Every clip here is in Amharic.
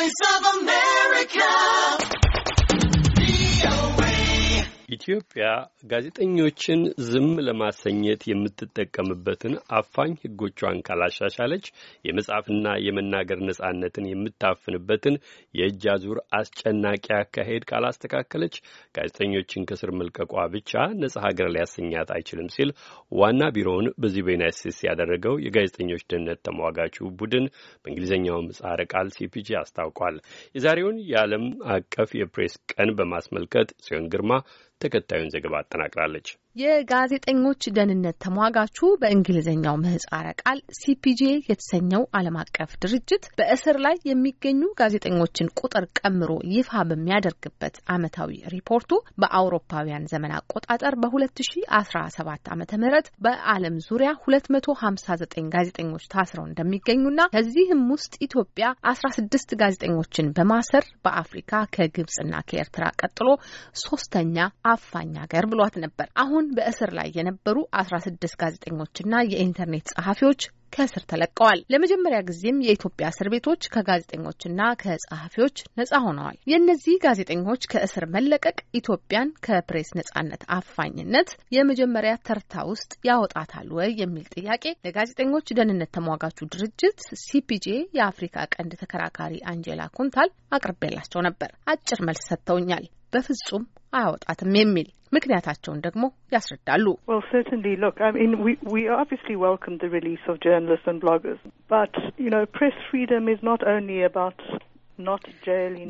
voice of ኢትዮጵያ ጋዜጠኞችን ዝም ለማሰኘት የምትጠቀምበትን አፋኝ ሕጎቿን ካላሻሻለች የመጻፍና የመናገር ነጻነትን የምታፍንበትን የእጅ አዙር አስጨናቂ አካሄድ ካላስተካከለች ጋዜጠኞችን ከስር መልቀቋ ብቻ ነጻ ሀገር ሊያሰኛት አይችልም ሲል ዋና ቢሮውን በዚህ በዩናይት ስቴትስ ያደረገው የጋዜጠኞች ደህንነት ተሟጋቹ ቡድን በእንግሊዝኛው ምጻረ ቃል ሲፒጂ አስታውቋል። የዛሬውን የዓለም አቀፍ የፕሬስ ቀን በማስመልከት ጽዮን ግርማ ተከታዩን ዘገባ አጠናቅራለች። የጋዜጠኞች ደህንነት ተሟጋቹ በእንግሊዝኛው ምህጻረ ቃል ሲፒጄ የተሰኘው ዓለም አቀፍ ድርጅት በእስር ላይ የሚገኙ ጋዜጠኞችን ቁጥር ቀምሮ ይፋ በሚያደርግበት ዓመታዊ ሪፖርቱ በአውሮፓውያን ዘመን አቆጣጠር በ2017 ዓ ም በዓለም ዙሪያ 259 ጋዜጠኞች ታስረው እንደሚገኙና ከዚህም ውስጥ ኢትዮጵያ 16 ጋዜጠኞችን በማሰር በአፍሪካ ከግብፅና ከኤርትራ ቀጥሎ ሶስተኛ አፋኝ ሀገር ብሏት ነበር አሁን እስካሁን በእስር ላይ የነበሩ አስራ ስድስት ጋዜጠኞችና የኢንተርኔት ጸሐፊዎች ከእስር ተለቀዋል። ለመጀመሪያ ጊዜም የኢትዮጵያ እስር ቤቶች ከጋዜጠኞችና ከጸሐፊዎች ነጻ ሆነዋል። የእነዚህ ጋዜጠኞች ከእስር መለቀቅ ኢትዮጵያን ከፕሬስ ነጻነት አፋኝነት የመጀመሪያ ተርታ ውስጥ ያወጣታል ወይ የሚል ጥያቄ ለጋዜጠኞች ደህንነት ተሟጋቹ ድርጅት ሲፒጄ የአፍሪካ ቀንድ ተከራካሪ አንጀላ ኩንታል አቅርቤላቸው ነበር። አጭር መልስ ሰጥተውኛል። በፍጹም አያወጣትም የሚል ምክንያታቸውን ደግሞ ያስረዳሉ።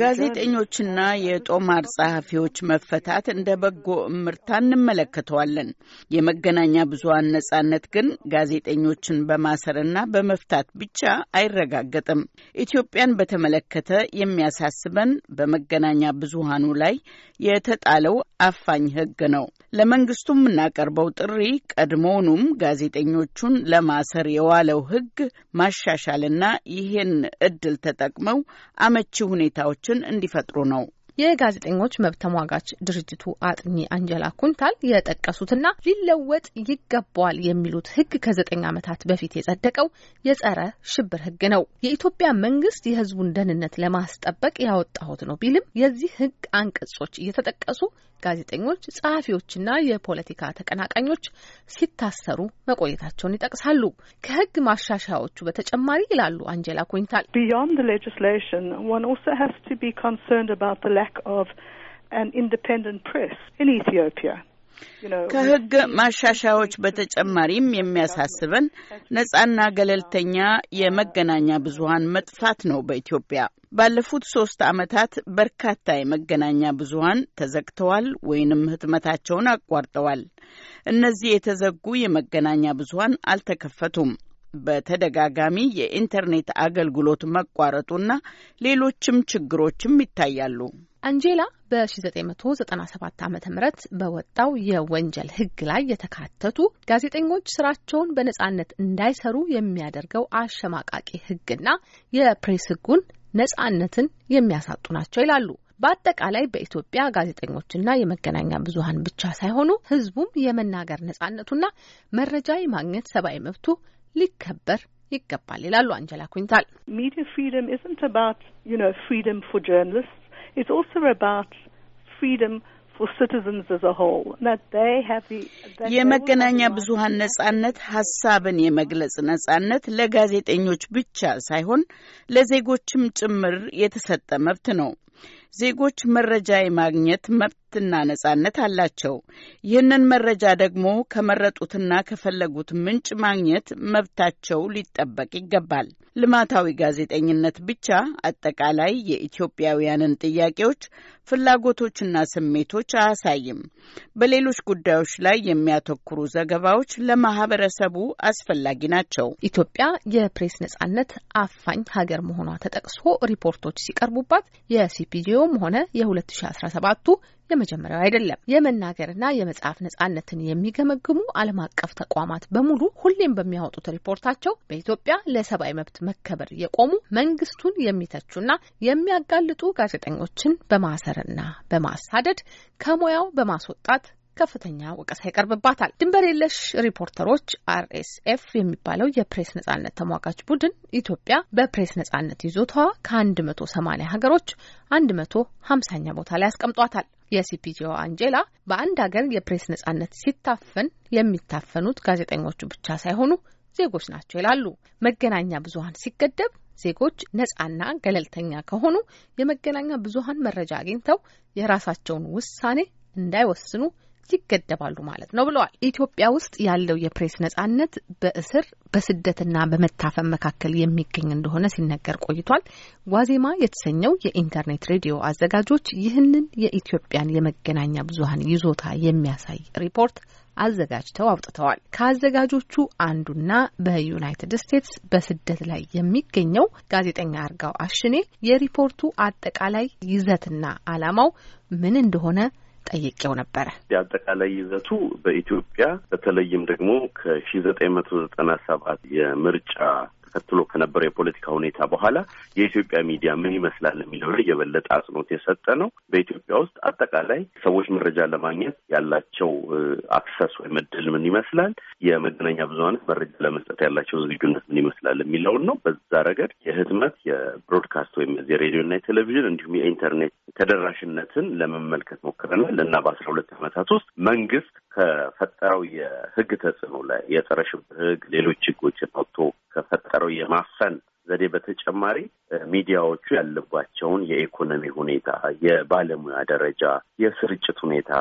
ጋዜጠኞችና የጦማር ጸሐፊዎች መፈታት እንደ በጎ እምርታ እንመለከተዋለን። የመገናኛ ብዙሀን ነጻነት ግን ጋዜጠኞችን በማሰርና በመፍታት ብቻ አይረጋገጥም። ኢትዮጵያን በተመለከተ የሚያሳስበን በመገናኛ ብዙሀኑ ላይ የተጣለው አፋኝ ሕግ ነው። ለመንግስቱ የምናቀርበው ጥሪ ቀድሞውኑም ጋዜጠኞቹን ለማሰር የዋለው ሕግ ማሻሻልና ይህን እድል ተጠቅመው አመቺ ሁኔታዎችን እንዲፈጥሩ ነው የጋዜጠኞች መብት ተሟጋች ድርጅቱ አጥኚ አንጀላ ኩንታል የጠቀሱትና ሊለወጥ ይገባዋል የሚሉት ህግ ከዘጠኝ ዓመታት በፊት የጸደቀው የጸረ ሽብር ህግ ነው። የኢትዮጵያ መንግስት የህዝቡን ደህንነት ለማስጠበቅ ያወጣሁት ነው ቢልም የዚህ ህግ አንቀጾች እየተጠቀሱ ጋዜጠኞች፣ ጸሐፊዎችና የፖለቲካ ተቀናቃኞች ሲታሰሩ መቆየታቸውን ይጠቅሳሉ። ከህግ ማሻሻያዎቹ በተጨማሪ ይላሉ አንጀላ ኩንታል lack of an independent press in Ethiopia. ከህግ ማሻሻያዎች በተጨማሪም የሚያሳስበን ነጻና ገለልተኛ የመገናኛ ብዙሀን መጥፋት ነው። በኢትዮጵያ ባለፉት ሶስት ዓመታት በርካታ የመገናኛ ብዙሀን ተዘግተዋል ወይንም ህትመታቸውን አቋርጠዋል። እነዚህ የተዘጉ የመገናኛ ብዙሀን አልተከፈቱም። በተደጋጋሚ የኢንተርኔት አገልግሎት መቋረጡና ሌሎችም ችግሮችም ይታያሉ። አንጄላ በ1997 ዓ ም በወጣው የወንጀል ህግ ላይ የተካተቱ ጋዜጠኞች ስራቸውን በነጻነት እንዳይሰሩ የሚያደርገው አሸማቃቂ ህግና የፕሬስ ህጉን ነጻነትን የሚያሳጡ ናቸው ይላሉ። በአጠቃላይ በኢትዮጵያ ጋዜጠኞችና የመገናኛ ብዙሀን ብቻ ሳይሆኑ ህዝቡም የመናገር ነጻነቱና መረጃ የማግኘት ሰብአዊ መብቱ ሊከበር ይገባል ይላሉ አንጀላ ኩኝታል። It's also about freedom የመገናኛ ብዙኃን ነጻነት ሀሳብን የመግለጽ ነጻነት ለጋዜጠኞች ብቻ ሳይሆን ለዜጎችም ጭምር የተሰጠ መብት ነው። ዜጎች መረጃ የማግኘት መብትና ነጻነት አላቸው። ይህንን መረጃ ደግሞ ከመረጡትና ከፈለጉት ምንጭ ማግኘት መብታቸው ሊጠበቅ ይገባል። ልማታዊ ጋዜጠኝነት ብቻ አጠቃላይ የኢትዮጵያውያንን ጥያቄዎች፣ ፍላጎቶችና ስሜቶች አያሳይም። በሌሎች ጉዳዮች ላይ የሚያተኩሩ ዘገባዎች ለማህበረሰቡ አስፈላጊ ናቸው። ኢትዮጵያ የፕሬስ ነጻነት አፋኝ ሀገር መሆኗ ተጠቅሶ ሪፖርቶች ሲቀርቡባት ቪዲዮም ሆነ የ2017ቱ የመጀመሪያው አይደለም። የመናገርና የመጽሐፍ ነጻነትን የሚገመግሙ ዓለም አቀፍ ተቋማት በሙሉ ሁሌም በሚያወጡት ሪፖርታቸው በኢትዮጵያ ለሰብአዊ መብት መከበር የቆሙ መንግስቱን የሚተቹና የሚያጋልጡ ጋዜጠኞችን በማሰርና በማሳደድ ከሙያው በማስወጣት ከፍተኛ ወቀሳ ይቀርብባታል። ድንበር የለሽ ሪፖርተሮች አርኤስኤፍ የሚባለው የፕሬስ ነጻነት ተሟጋች ቡድን ኢትዮጵያ በፕሬስ ነጻነት ይዞታዋ ከ180 ሀገሮች 150ኛ ቦታ ላይ ያስቀምጧታል። የሲፒጂኦ አንጄላ በአንድ ሀገር የፕሬስ ነጻነት ሲታፈን የሚታፈኑት ጋዜጠኞቹ ብቻ ሳይሆኑ ዜጎች ናቸው ይላሉ። መገናኛ ብዙሀን ሲገደብ ዜጎች ነጻና ገለልተኛ ከሆኑ የመገናኛ ብዙሀን መረጃ አግኝተው የራሳቸውን ውሳኔ እንዳይወስኑ ይገደባሉ ማለት ነው ብለዋል። ኢትዮጵያ ውስጥ ያለው የፕሬስ ነጻነት በእስር በስደትና በመታፈን መካከል የሚገኝ እንደሆነ ሲነገር ቆይቷል። ዋዜማ የተሰኘው የኢንተርኔት ሬዲዮ አዘጋጆች ይህንን የኢትዮጵያን የመገናኛ ብዙኃን ይዞታ የሚያሳይ ሪፖርት አዘጋጅተው አውጥተዋል። ከአዘጋጆቹ አንዱና በዩናይትድ ስቴትስ በስደት ላይ የሚገኘው ጋዜጠኛ አርጋው አሽኔ የሪፖርቱ አጠቃላይ ይዘትና ዓላማው ምን እንደሆነ ጠይቄው ነበረ። የአጠቃላይ ይዘቱ በኢትዮጵያ በተለይም ደግሞ ከሺ ዘጠኝ መቶ ዘጠና ሰባት የምርጫ ተከትሎ ከነበረው የፖለቲካ ሁኔታ በኋላ የኢትዮጵያ ሚዲያ ምን ይመስላል የሚለው ላይ የበለጠ አጽንኦት የሰጠ ነው። በኢትዮጵያ ውስጥ አጠቃላይ ሰዎች መረጃ ለማግኘት ያላቸው አክሰስ ወይም እድል ምን ይመስላል፣ የመገናኛ ብዙኃን መረጃ ለመስጠት ያላቸው ዝግጁነት ምን ይመስላል የሚለውን ነው። በዛ ረገድ የህትመት የብሮድካስት ወይም የዚህ የሬዲዮና የቴሌቪዥን እንዲሁም የኢንተርኔት ተደራሽነትን ለመመልከት ሞክረናል እና በአስራ ሁለት ዓመታት ውስጥ መንግስት ከፈጠረው የህግ ተጽዕኖ ላይ የጸረ ሽብር ህግ፣ ሌሎች ህጎችን አውጥቶ ከፈጠረው የማፈን ዘዴ በተጨማሪ ሚዲያዎቹ ያለባቸውን የኢኮኖሚ ሁኔታ፣ የባለሙያ ደረጃ፣ የስርጭት ሁኔታ፣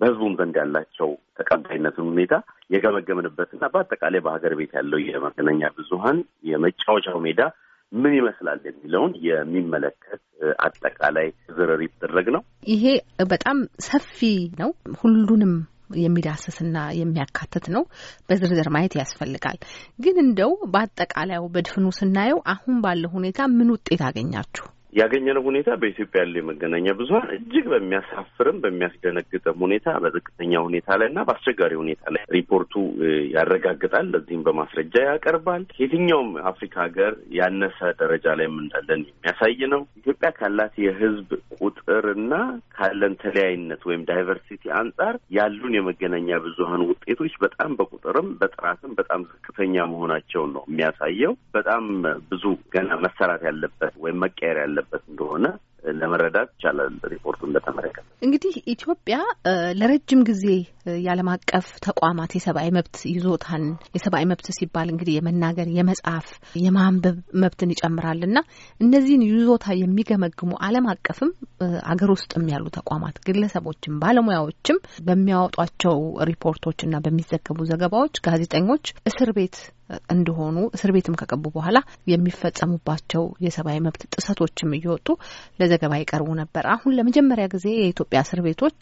በህዝቡም ዘንድ ያላቸው ተቀባይነትን ሁኔታ የገመገምንበትና በአጠቃላይ በሀገር ቤት ያለው የመገናኛ ብዙሀን የመጫወቻው ሜዳ ምን ይመስላል የሚለውን የሚመለከት አጠቃላይ ዝርር ይደረግ ነው። ይሄ በጣም ሰፊ ነው። ሁሉንም የሚዳስስና የሚያካትት ነው። በዝርዝር ማየት ያስፈልጋል። ግን እንደው በአጠቃላዩ በድፍኑ ስናየው አሁን ባለው ሁኔታ ምን ውጤት አገኛችሁ? ያገኘነው ሁኔታ በኢትዮጵያ ያለው የመገናኛ ብዙኃን እጅግ በሚያሳፍርም በሚያስደነግጥም ሁኔታ በዝቅተኛ ሁኔታ ላይ እና በአስቸጋሪ ሁኔታ ላይ ሪፖርቱ ያረጋግጣል። ለዚህም በማስረጃ ያቀርባል። የትኛውም አፍሪካ ሀገር ያነሰ ደረጃ ላይ እንዳለን የሚያሳይ ነው። ኢትዮጵያ ካላት ቁጥር ቁጥርና ካለን ተለያይነት ወይም ዳይቨርሲቲ አንጻር ያሉን የመገናኛ ብዙኃን ውጤቶች በጣም በቁጥርም በጥራትም በጣም ዝቅተኛ መሆናቸውን ነው የሚያሳየው። በጣም ብዙ ገና መሰራት ያለበት ወይም መቀየር ያለበት ያለበት እንደሆነ ለመረዳት ይቻላል። ሪፖርቱ እንደተመለከተ እንግዲህ ኢትዮጵያ ለረጅም ጊዜ የዓለም አቀፍ ተቋማት የሰብአዊ መብት ይዞታን የሰብአዊ መብት ሲባል እንግዲህ የመናገር፣ የመጻፍ፣ የማንበብ መብትን ይጨምራል እና እነዚህን ይዞታ የሚገመግሙ ዓለም አቀፍም አገር ውስጥም ያሉ ተቋማት ግለሰቦችም ባለሙያዎችም በሚያወጧቸው ሪፖርቶችና በሚዘገቡ ዘገባዎች ጋዜጠኞች እስር ቤት እንደሆኑ እስር ቤትም ከገቡ በኋላ የሚፈጸሙባቸው የሰብአዊ መብት ጥሰቶችም እየወጡ ለዘገባ ይቀርቡ ነበር። አሁን ለመጀመሪያ ጊዜ የኢትዮጵያ እስር ቤቶች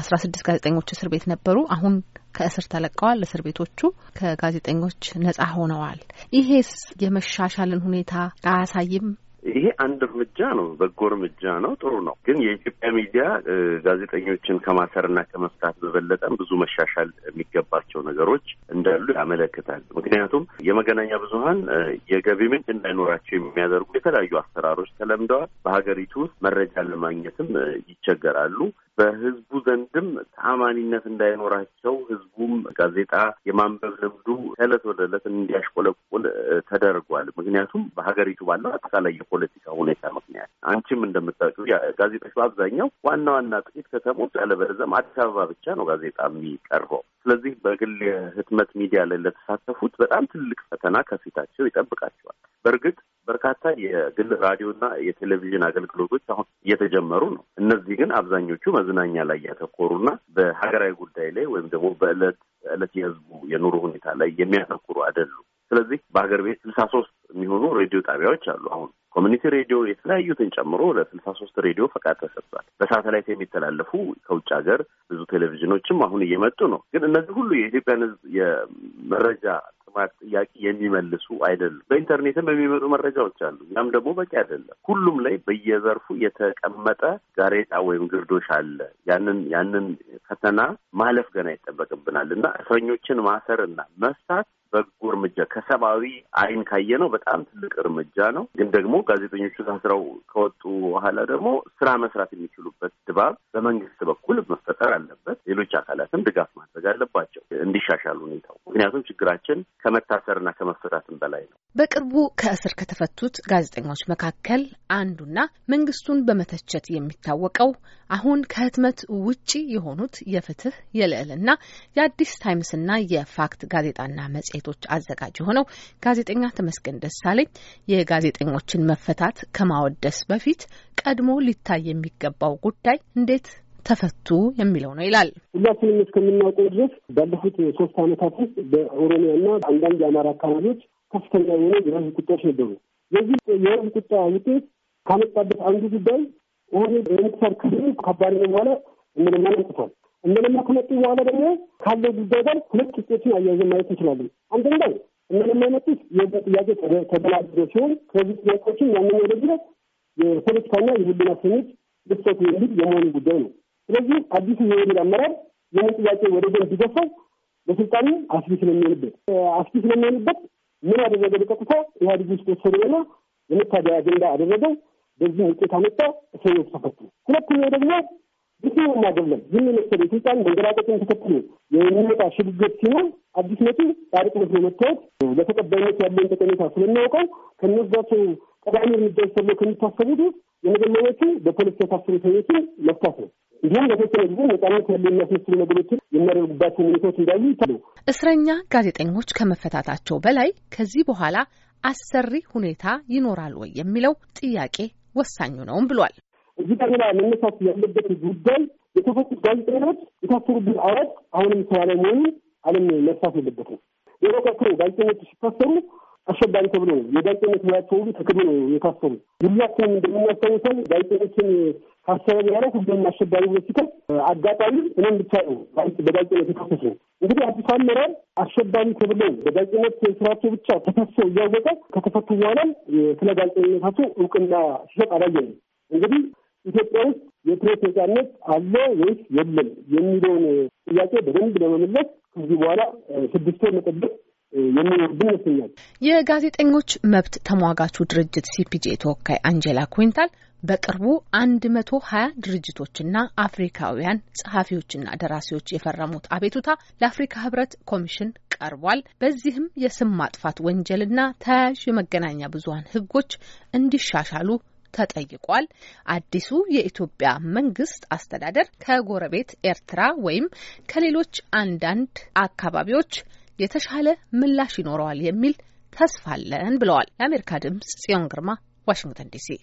አስራ ስድስት ጋዜጠኞች እስር ቤት ነበሩ። አሁን ከእስር ተለቀዋል። እስር ቤቶቹ ከጋዜጠኞች ነጻ ሆነዋል። ይሄስ የመሻሻልን ሁኔታ አያሳይም? ይሄ አንድ እርምጃ ነው፣ በጎ እርምጃ ነው፣ ጥሩ ነው። ግን የኢትዮጵያ ሚዲያ ጋዜጠኞችን ከማሰርና ከመፍታት በበለጠም ብዙ መሻሻል የሚገባቸው ነገሮች እንዳሉ ያመለክታል። ምክንያቱም የመገናኛ ብዙኃን የገቢ ምንጭ እንዳይኖራቸው የሚያደርጉ የተለያዩ አሰራሮች ተለምደዋል። በሀገሪቱ ውስጥ መረጃ ለማግኘትም ይቸገራሉ። በህዝቡ ዘንድም ተአማኒነት እንዳይኖራቸው ህዝቡም ጋዜጣ የማንበብ ልምዱ ከእለት ወደ እለት እንዲያሽቆለቁል ተደርጓል። ምክንያቱም በሀገሪቱ ባለው አጠቃላይ የፖለቲካ ሁኔታ ምክንያት አንቺም እንደምታውቂው ጋዜጦች በአብዛኛው ዋና ዋና ጥቂት ከተሞች አለበለዚያም አዲስ አበባ ብቻ ነው ጋዜጣ የሚቀርበው። ስለዚህ በግል የህትመት ሚዲያ ላይ ለተሳተፉት በጣም ትልቅ ፈተና ከፊታቸው ይጠብቃቸዋል። በእርግጥ በርካታ የግል ራዲዮና የቴሌቪዥን አገልግሎቶች አሁን እየተጀመሩ ነው። እነዚህ ግን አብዛኞቹ መዝናኛ ላይ ያተኮሩና በሀገራዊ ጉዳይ ላይ ወይም ደግሞ በእለት እለት የህዝቡ የኑሮ ሁኔታ ላይ የሚያተኩሩ አይደሉም። ስለዚህ በሀገር ቤት ስልሳ ሶስት የሚሆኑ ሬዲዮ ጣቢያዎች አሉ። አሁን ኮሚኒቲ ሬዲዮ የተለያዩትን ጨምሮ ለስልሳ ሶስት ሬዲዮ ፈቃድ ተሰጥቷል። በሳተላይት የሚተላለፉ ከውጭ ሀገር ብዙ ቴሌቪዥኖችም አሁን እየመጡ ነው። ግን እነዚህ ሁሉ የኢትዮጵያን ህዝብ የመረጃ ጥማት ጥያቄ የሚመልሱ አይደሉም። በኢንተርኔትም የሚመጡ መረጃዎች አሉ። ያም ደግሞ በቂ አይደለም። ሁሉም ላይ በየዘርፉ የተቀመጠ ጋሬጣ ወይም ግርዶሽ አለ። ያንን ያንን ፈተና ማለፍ ገና ይጠበቅብናል እና እስረኞችን እና መፍታት በጎ እርምጃ ከሰብአዊ አይን ካየ ነው በጣም ትልቅ እርምጃ ነው። ግን ደግሞ ጋዜጠኞቹ ታስረው ከወጡ በኋላ ደግሞ ስራ መስራት የሚችሉበት ድባብ በመንግስት በኩል መፈጠር አለበት። ሌሎች አካላትም ድጋፍ ማድረግ አለባቸው እንዲሻሻል ሁኔታው። ምክንያቱም ችግራችን ከመታሰርና ከመፈታትም በላይ ነው። በቅርቡ ከእስር ከተፈቱት ጋዜጠኞች መካከል አንዱና መንግስቱን በመተቸት የሚታወቀው አሁን ከህትመት ውጪ የሆኑት የፍትህ የልዕልና የአዲስ ታይምስና የፋክት ጋዜጣና መጽሔቶች አዘጋጅ የሆነው ጋዜጠኛ ተመስገን ደሳለኝ የጋዜጠኞችን መፈታት ከማወደስ በፊት ቀድሞ ሊታይ የሚገባው ጉዳይ እንዴት ተፈቱ የሚለው ነው ይላል። ሁላችንም እስከምናውቀው ድረስ ባለፉት ሶስት አመታት ውስጥ በኦሮሚያና አንዳንድ የአማራ አካባቢዎች ከፍተኛ የሆነ የህዝብ ቁጣዎች ነበሩ። የዚህ የህዝብ ቁጣ ውጤት ካመጣበት አንዱ ጉዳይ ኦህዴድ የምክሰር ክፍል ከባድ ነው በኋላ እንደለማ ነጥቷል። እንደለማ ከመጡ በኋላ ደግሞ ካለው ጉዳይ ጋር ሁለት ውጤቶችን አያይዘን ማየት እንችላለን። አንደኛው እንደለማ የመጡት የህዝብ ጥያቄ ተደራድሮ ሲሆን ከዚህ ጥያቄዎችን ያንኛው ደግሞ የፖለቲካና የህሊና እስረኞች ልፈቱ የሚል የመሆኑ ጉዳይ ነው። ስለዚህ አዲሱ የኦህዴድ አመራር ይህን ጥያቄ ወደ ጎን ቢገፋው በስልጣኑ አስጊ ስለሚሆንበት አስጊ ስለሚሆንበት ምን አደረገ? በቀጥታ ኢህአዴግ ውስጥ ወሰደና የመታገያ አጀንዳ አደረገው። በዚህ ውጤት አመጣ። እስረኞች ተፈቱ። ሁለተኛው ደግሞ ግጥም እናገለም ይህን የመሰለ የስልጣን መንገራቀጥን ተከትሎ የሚመጣ ሽግግር ሲሆን አዲስ መቱ ጻድቅ መስሎ መታየት ለተቀባይነት ያለውን ጠቀሜታ ስለሚያውቀው ከነዛቸው ቀዳሚ እርምጃዎች ተብሎ ከሚታሰቡት የመጀመሪያዎቹ በፖለቲካ ታስሩ ሰዎችን መፍታት ነው። እንዲሁም በቴሌቪዥን ነጻነት ያለ የሚያስመስሉ ነገሮችን የሚያደርጉባቸው ሁኔታዎች እንዳሉ ይታሉ። እስረኛ ጋዜጠኞች ከመፈታታቸው በላይ ከዚህ በኋላ አሰሪ ሁኔታ ይኖራል ወይ የሚለው ጥያቄ ወሳኙ ነውም ብሏል። እዚህ ጋር ሌላ መነሳት ያለበት ጉዳይ የተፈቱት ጋዜጠኞች የታሰሩብን አዋጅ አሁንም ተዋለ መሆኑን ዓለም መርሳት የለበትም። የሮካክሮ ጋዜጠኞች ሲታሰሩ አስቸጋሪ ተብሎ ነው የጋዜጠኝነት ሙያቸው ሁሉ ተክብሎ ነው የታሰሩ። ሁላችንም እንደምናስታውሰው ጋዜጠኞችን ካሰረ በኋላ ሁሉም አሸጋሪ ብሎ ሲከፍ አጋጣሚ እኔም ብቻ ነው በጋዜጠኝነት የታሰሱ። እንግዲህ አዲስ አመራር አሸባሪ ተብሎ በጋዜጠኝነት ስራቸው ብቻ ተከሰው እያወቀ ከተፈቱ በኋላም ስለ ጋዜጠኝነታቸው እውቅና ሲሰጥ አላየንም። እንግዲህ ኢትዮጵያ ውስጥ የፕሬስ ነጻነት አለ ወይስ የለም የሚለውን ጥያቄ በደንብ ለመመለስ ከዚህ በኋላ ስድስት ወር መጠበቅ የሚወዱ የጋዜጠኞች መብት ተሟጋቹ ድርጅት ሲፒጄ ተወካይ አንጀላ ኩንታል በቅርቡ አንድ መቶ ሀያ ድርጅቶችና አፍሪካውያን ጸሐፊዎችና ደራሲዎች የፈረሙት አቤቱታ ለአፍሪካ ህብረት ኮሚሽን ቀርቧል። በዚህም የስም ማጥፋት ወንጀልና ተያያዥ የመገናኛ ብዙሀን ህጎች እንዲሻሻሉ ተጠይቋል። አዲሱ የኢትዮጵያ መንግስት አስተዳደር ከጎረቤት ኤርትራ ወይም ከሌሎች አንዳንድ አካባቢዎች የተሻለ ምላሽ ይኖረዋል የሚል ተስፋ አለን ብለዋል። የአሜሪካ ድምጽ ጽዮን ግርማ ዋሽንግተን ዲሲ